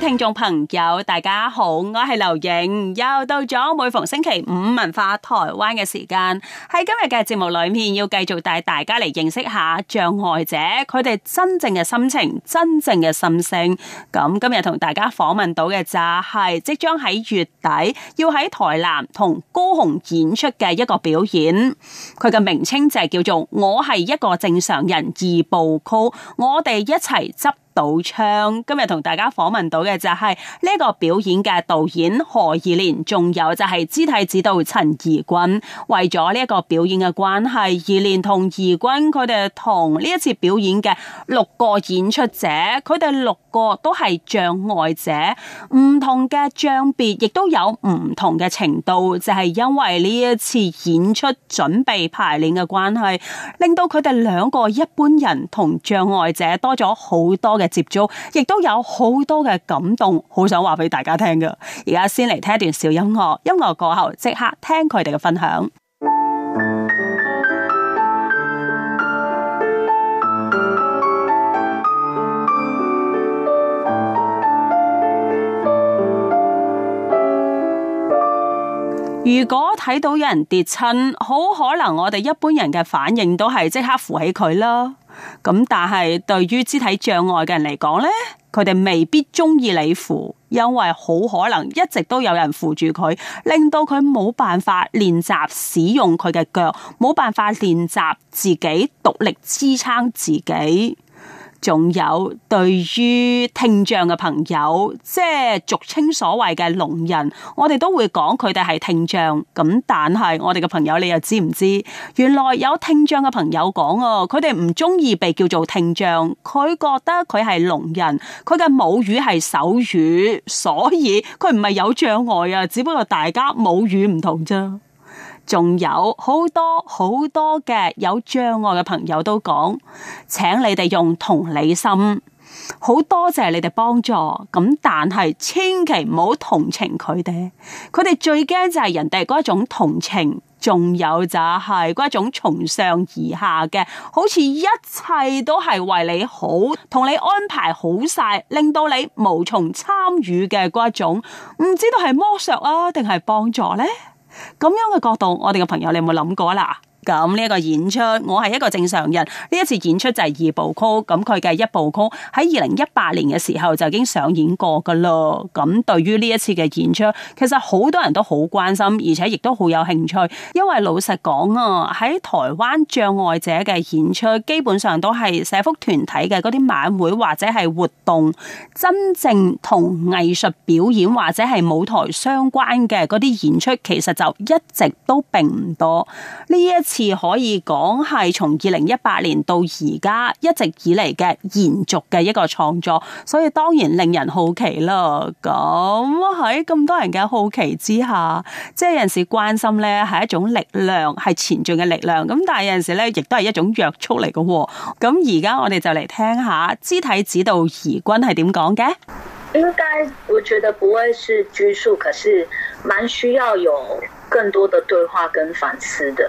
聽眾朋友，大家好，我係劉影，又到咗每逢星期五文化台灣嘅時間，喺今日嘅節目裏面，要繼續帶大家嚟認識下障礙者佢哋真正嘅心情、真正嘅心聲。咁今日同大家訪問到嘅，就係即將喺月底要喺台南同高雄演出嘅一個表演，佢嘅名稱就係叫做《我係一個正常人二部曲》，我哋一齊執。賭槍。今日同大家訪問到嘅，就係呢個表演嘅導演何怡蓮，仲有就係肢體指導陳怡君。為咗呢一個表演嘅關係，怡蓮同怡君佢哋同呢一次表演嘅六個演出者，佢哋六個都係障礙者，唔同嘅障別亦都有唔同嘅程度，就係、是、因為呢一次演出準備排練嘅關係，令到佢哋兩個一般人同障礙者多咗好多嘅接觸，亦都有好多嘅感動，好想話俾大家聽㗎。而家先嚟聽一段小音樂，音樂過後即刻聽佢哋嘅分享。如果睇到有人跌親，好可能我哋一般人嘅反應都係即刻扶起佢啦。咁但係對於肢體障礙嘅人嚟講呢，佢哋未必中意你扶，因為好可能一直都有人扶住佢，令到佢冇辦法練習使用佢嘅腳，冇辦法練習自己，獨立支撐自己。獨仲有對於聽障嘅朋友，即係俗稱所謂嘅聾人，我哋都會講佢哋係聽障咁，但係我哋嘅朋友，你又知唔知？原來有聽障嘅朋友講哦，佢哋唔中意被叫做聽障，佢覺得佢係聾人，佢嘅母語係手語，所以佢唔係有障礙啊，只不過大家母語唔同啫。仲有好多好多嘅有障礙嘅朋友都講，請你哋用同理心，好多謝你哋幫助。咁但係千祈唔好同情佢哋，佢哋最驚就係人哋嗰一種同情，仲有就係嗰一種從上而下嘅，好似一切都係為你好，同你安排好晒，令到你無從參與嘅嗰一種，唔知道係剝削啊，定係幫助呢？咁樣嘅角度，我哋嘅朋友，你有冇諗過啊嘛？咁呢個演出，我係一個正常人。呢一次演出就係二部曲，咁佢嘅一部曲喺二零一八年嘅時候就已經上演過噶喇。咁對於呢一次嘅演出，其實好多人都好關心，而且亦都好有興趣。因為老實講啊，喺台灣障礙者嘅演出，基本上都係社福團體嘅嗰啲晚會或者係活動，真正同藝術表演或者係舞台相關嘅嗰啲演出，其實就一直都並唔多。呢一次可以講係從二零一八年到而家一直以嚟嘅延續嘅一個創作，所以當然令人好奇咯。咁喺咁多人嘅好奇之下，即係有時關心咧係一種力量，係前進嘅力量。咁但係有時咧亦都係一種約束嚟嘅。咁而家我哋就嚟聽下肢體指導儀君係點講嘅。應該我覺得不會是拘束，可是蠻需要有更多的對話跟反思的。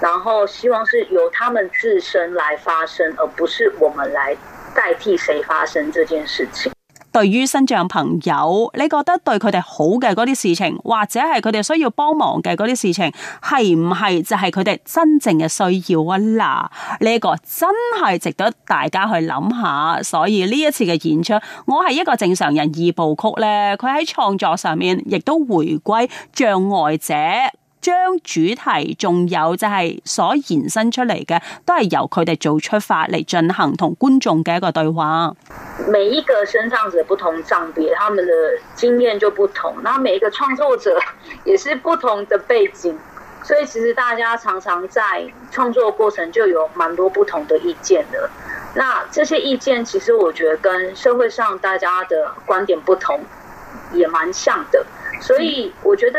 然後希望是由他們自身來發生，而不是我們來代替誰發生這件事情。對於身障朋友，你覺得對佢哋好嘅嗰啲事情，或者係佢哋需要幫忙嘅嗰啲事情，係唔係就係佢哋真正嘅需要啊？啦，呢個真係值得大家去諗下。所以呢，一次嘅演出，我係一個正常人二部曲呢，佢喺創作上面亦都回歸障礙者。將主題仲有就係所延伸出嚟嘅，都係由佢哋做出發嚟進行同觀眾嘅一個對話。每一個身上者不同障別，他們的經驗就不同。那每一個創作者也是不同的背景，所以其實大家常常在創作過程就有蠻多不同的意見的。那這些意見其實我覺得跟社會上大家的觀點不同，也蠻像的。所以我覺得。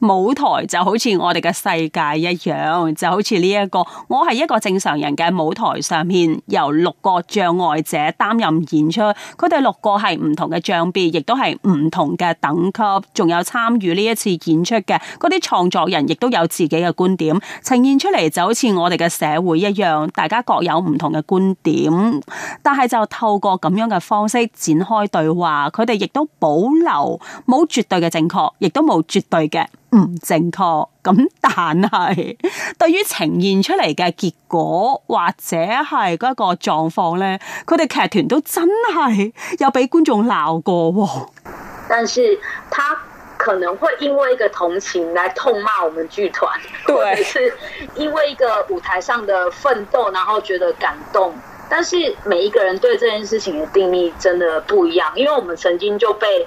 舞台就好似我哋嘅世界一樣，就好似呢一個，我係一個正常人嘅舞台上面，由六個障礙者擔任演出，佢哋六個係唔同嘅障別，亦都係唔同嘅等級，仲有參與呢一次演出嘅嗰啲創作人，亦都有自己嘅觀點，呈現出嚟就好似我哋嘅社會一樣，大家各有唔同嘅觀點，但係就透過咁樣嘅方式展開對話，佢哋亦都保留冇絕對嘅正確，亦都冇絕對嘅。唔正確咁，但係對於呈現出嚟嘅結果或者係嗰一個狀況呢，佢哋劇團都真係有俾觀眾鬧過喎。但是他可能會因為一個同情來痛罵我們劇團，對。或者是因為一個舞台上的奮鬥，然後覺得感動。但是每一個人對這件事情嘅定義真的不一樣，因為我們曾經就被。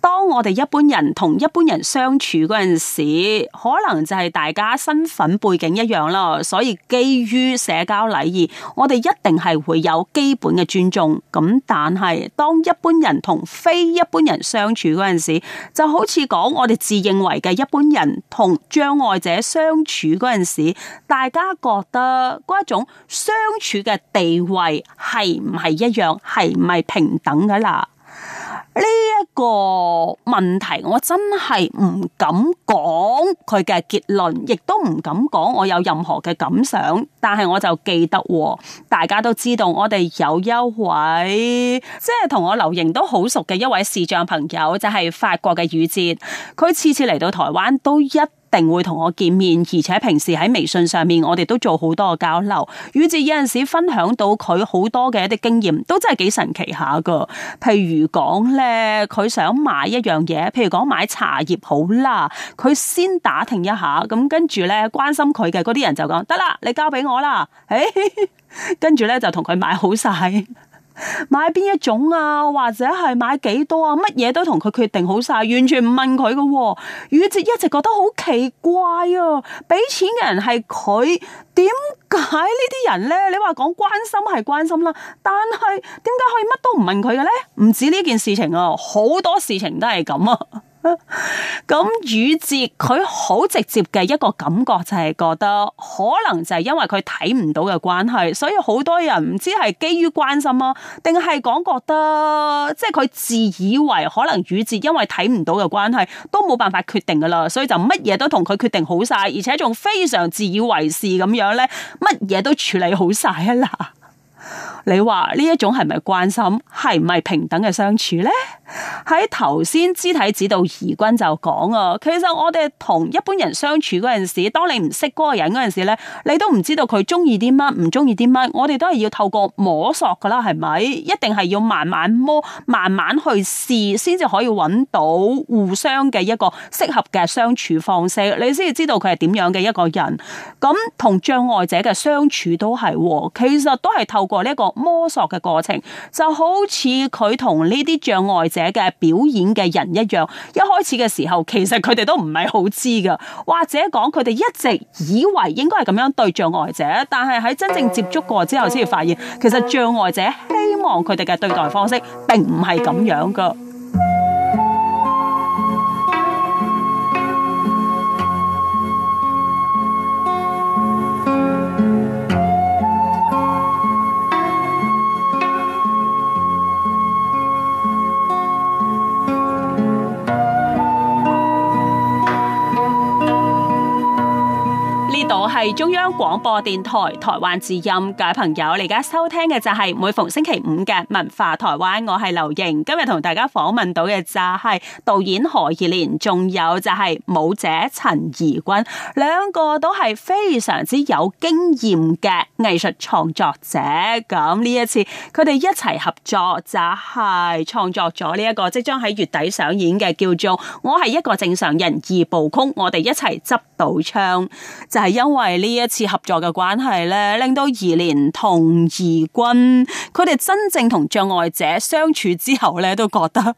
當我哋一般人同一般人相處嗰陣時，可能就係大家身份背景一樣啦，所以基於社交禮儀，我哋一定係會有基本嘅尊重。咁但係當一般人同非一般人相處嗰陣時，就好似講我哋自認為嘅一般人同障礙者相處嗰陣時，大家覺得嗰一種相處嘅地位係唔係一樣，係唔係平等噶啦？呢一個問題，我真係唔敢講佢嘅結論，亦都唔敢講我有任何嘅感想。但係我就記得，大家都知道我哋有一位即係同我留言都好熟嘅一位視障朋友，就係、是、法國嘅宇哲，佢次次嚟到台灣都一。定會同我見面，而且平時喺微信上面，我哋都做好多嘅交流，以致有陣時分享到佢好多嘅一啲經驗，都真係幾神奇下噶。譬如講咧，佢想買一樣嘢，譬如講買茶葉好啦，佢先打聽一下，咁跟住咧關心佢嘅嗰啲人就講得啦，你交俾我啦，誒、哎，跟住咧就同佢買好晒。買邊一種啊，或者係買幾多啊，乜嘢都同佢決定好晒，完全唔問佢嘅、啊。宇哲一直覺得好奇怪啊！俾錢嘅人係佢，點解呢啲人呢？你話講關心係關心啦、啊，但係點解可以乜都唔問佢嘅呢？唔止呢件事情啊，好多事情都係咁啊！咁宇哲佢好直接嘅一個感覺就係覺得可能就係因為佢睇唔到嘅關係，所以好多人唔知係基於關心啊，定係講覺得即係佢自以為可能宇哲因為睇唔到嘅關係都冇辦法決定噶啦，所以就乜嘢都同佢決定好晒，而且仲非常自以為是咁樣呢，乜嘢都處理好晒啦。 你話呢一種係咪關心，係唔係平等嘅相處呢？喺頭先肢體指導怡君就講啊，其實我哋同一般人相處嗰陣時，當你唔識嗰個人嗰陣時咧，你都唔知道佢中意啲乜，唔中意啲乜。我哋都係要透過摸索噶啦，係咪？一定係要慢慢摸，慢慢去試，先至可以揾到互相嘅一個適合嘅相處方式。你先至知道佢係點樣嘅一個人。咁同障礙者嘅相處都係，其實都係透過呢一個摸索嘅過程。就好似佢同呢啲障礙者，嘅表演嘅人一樣，一開始嘅時候其實佢哋都唔係好知噶，或者講佢哋一直以為應該係咁樣對障礙者，但係喺真正接觸過之後，先至發現，其實障礙者希望佢哋嘅對待方式並不是這，並唔係咁樣噶。係中央廣播電台台灣字音嘅朋友，你而家收聽嘅就係每逢星期五嘅文化台灣，我係劉瑩。今日同大家訪問到嘅就係導演何以蓮，仲有就係舞者陳怡君，兩個都係非常之有經驗嘅藝術創作者。咁呢一次，佢哋一齊合作，就係創作咗呢一個即將喺月底上演嘅叫做《我係一個正常人》二部曲。我哋一齊執到槍，就係因為。係呢一次合作嘅關係呢，令到宜連同怡君，佢哋真正同障礙者相處之後呢，都覺得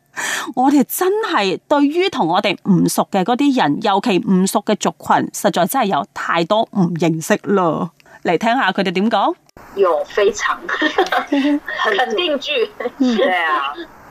我哋真係對於同我哋唔熟嘅嗰啲人，尤其唔熟嘅族群，實在真係有太多唔認識咯。嚟聽下佢哋點講，又非常肯定句，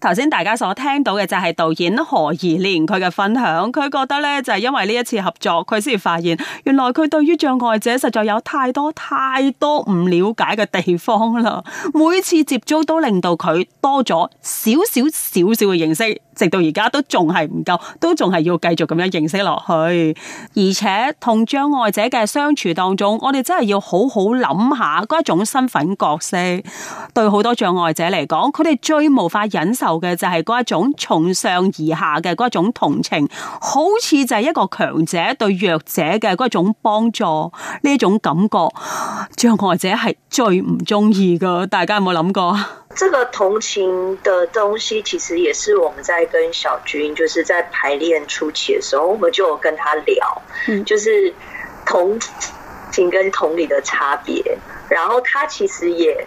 頭先大家所聽到嘅就係導演何怡蓮佢嘅分享，佢覺得咧就係因為呢一次合作，佢先發現原來佢對於障礙者實在有太多太多唔了解嘅地方啦。每次接觸都令到佢多咗少少少少嘅認識，直到而家都仲係唔夠，都仲係要繼續咁樣認識落去。而且同障礙者嘅相處當中，我哋真係要好好諗下嗰一種身份角色，對好多障礙者嚟講，佢哋最無法忍受。嘅就係嗰一種從上而下嘅嗰一種同情，好似就係一個強者對弱者嘅嗰種幫助呢種感覺，障礙者係最唔中意噶。大家有冇諗過啊？這個同情的東西，其實也是我們在跟小軍，就是在排練初期嘅時候，我們就有跟他聊，就是同情跟同理的差別。然後他其實也。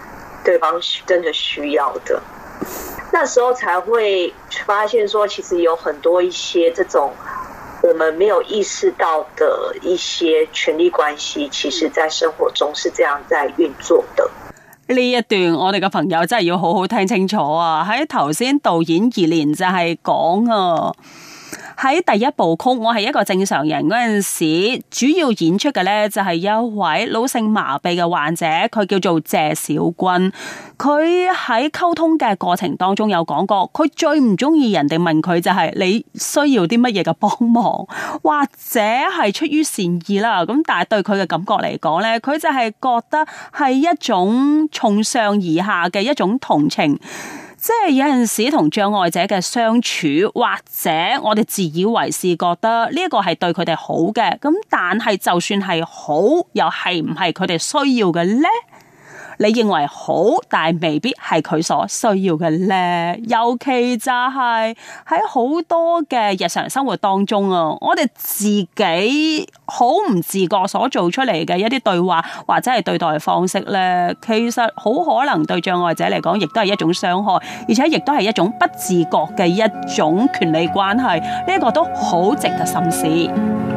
對方真的需要的，那時候才會發現說，其實有很多一些這種我們沒有意識到的一些權力關係，其實在生活中是這樣在運作的。呢、嗯、一段，我哋嘅朋友真係要好好聽清楚啊！喺頭先，導演二連就係講啊。喺第一部曲，我係一個正常人嗰陣時候，主要演出嘅呢，就係一位腦性麻痹嘅患者，佢叫做謝小軍。佢喺溝通嘅過程當中有講過，佢最唔中意人哋問佢就係你需要啲乜嘢嘅幫忙，或者係出於善意啦。咁但係對佢嘅感覺嚟講呢，佢就係覺得係一種從上而下嘅一種同情。即係有陣時同障礙者嘅相處，或者我哋自以為是覺得呢一個係對佢哋好嘅，咁但係就算係好，又係唔係佢哋需要嘅呢？你認為好，但未必係佢所需要嘅咧。尤其就係喺好多嘅日常生活當中啊，我哋自己好唔自覺所做出嚟嘅一啲對話或者係對待方式咧，其實好可能對障礙者嚟講，亦都係一種傷害，而且亦都係一種不自覺嘅一種權利關係。呢個都好值得深思。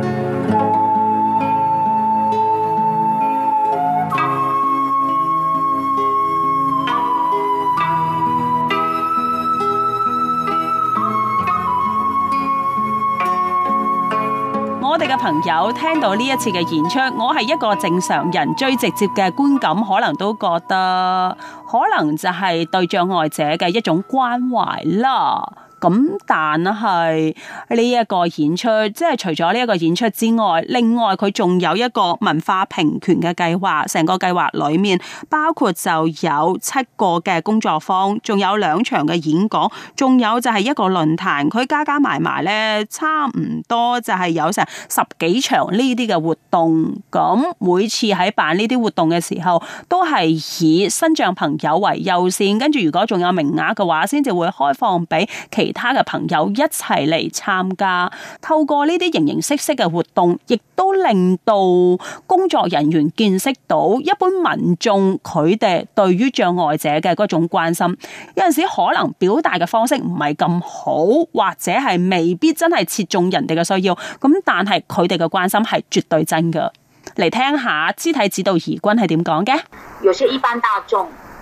朋友聽到呢一次嘅演出，我係一個正常人，最直接嘅觀感，可能都覺得，可能就係對障礙者嘅一種關懷啦。咁但係呢一個演出，即係除咗呢一個演出之外，另外佢仲有一個文化平權嘅計劃，成個計劃裏面包括就有七個嘅工作坊，仲有兩場嘅演講，仲有就係一個論壇，佢加加埋埋咧，差唔多就係有成十幾場呢啲嘅活動，咁每次喺辦呢啲活動嘅時候，都係以身障朋友為優先，跟住如果仲有名額嘅話先至會開放俾其。其他嘅朋友一齊嚟參加，透過呢啲形形色色嘅活動，亦都令到工作人員見識到一般民眾佢哋對於障礙者嘅嗰種關心。有陣時可能表達嘅方式唔係咁好，或者係未必真係切中人哋嘅需要。咁但係佢哋嘅關心係絕對真嘅，嚟聽下肢體指導儀君係點講嘅。有些一般大眾。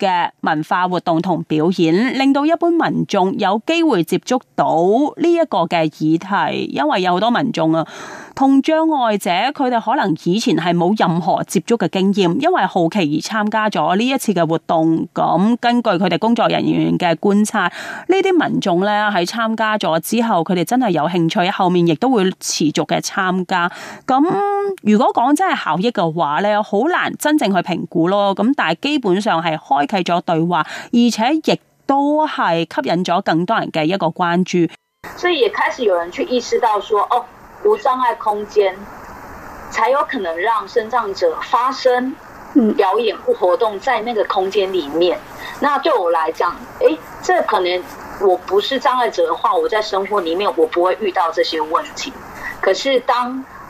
嘅文化活動同表演，令到一般民眾有機會接觸到呢一個嘅議題，因為有好多民眾啊，同障礙者佢哋可能以前係冇任何接觸嘅經驗，因為好奇而參加咗呢一次嘅活動，咁根據佢哋工作人員嘅觀察，呢啲民眾咧喺參加咗之後，佢哋真係有興趣，後面亦都會持續嘅參加。咁如果講真係效益嘅話咧，好難真正去評估咯。咁但係基本上係開。咗對話，而且亦都係吸引咗更多人嘅一個關注。所以也開始有人去意識到說，說哦，無障礙空間，才有可能讓身障者發聲、表演或活動在那個空間裏面。那對我來講，誒、欸，這可能我不是障礙者嘅話，我在生活裏面我不會遇到這些問題。可是當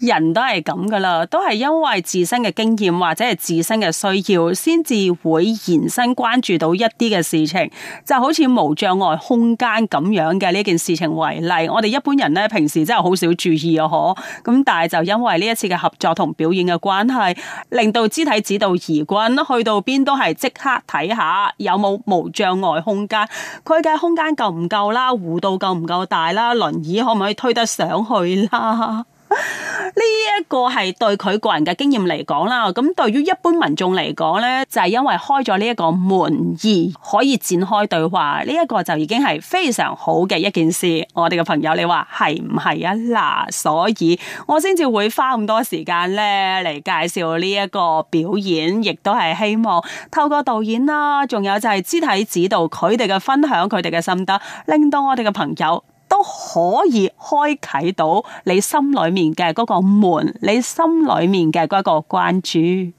人都係咁噶啦，都係因為自身嘅經驗或者係自身嘅需要，先至會延伸關注到一啲嘅事情，就好似無障礙空間咁樣嘅呢件事情為例。我哋一般人呢，平時真係好少注意啊，嗬。咁但係就因為呢一次嘅合作同表演嘅關係，令到肢體指導移君去到邊都係即刻睇下有冇無障礙空間，佢嘅空間夠唔夠啦，弧度夠唔夠大啦，輪椅可唔可以推得上去啦？呢一個係對佢個人嘅經驗嚟講啦，咁對於一般民眾嚟講呢，就係因為開咗呢一個門而可以展開對話，呢一個就已經係非常好嘅一件事。我哋嘅朋友，你話係唔係啊？嗱，所以我先至會花咁多時間呢嚟介紹呢一個表演，亦都係希望透過導演啦，仲有就係肢體指導，佢哋嘅分享，佢哋嘅心得，令到我哋嘅朋友。都可以開啟到你心裏面嘅嗰個門，你心裏面嘅嗰個關注。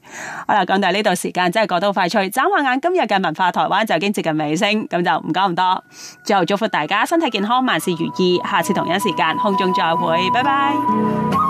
好啦，講到呢度時間真係過得好快脆，眨下眼今日嘅文化台灣就已經接近尾聲，咁就唔講咁多。最後祝福大家身體健康，萬事如意，下次同一時間空中再會，拜拜。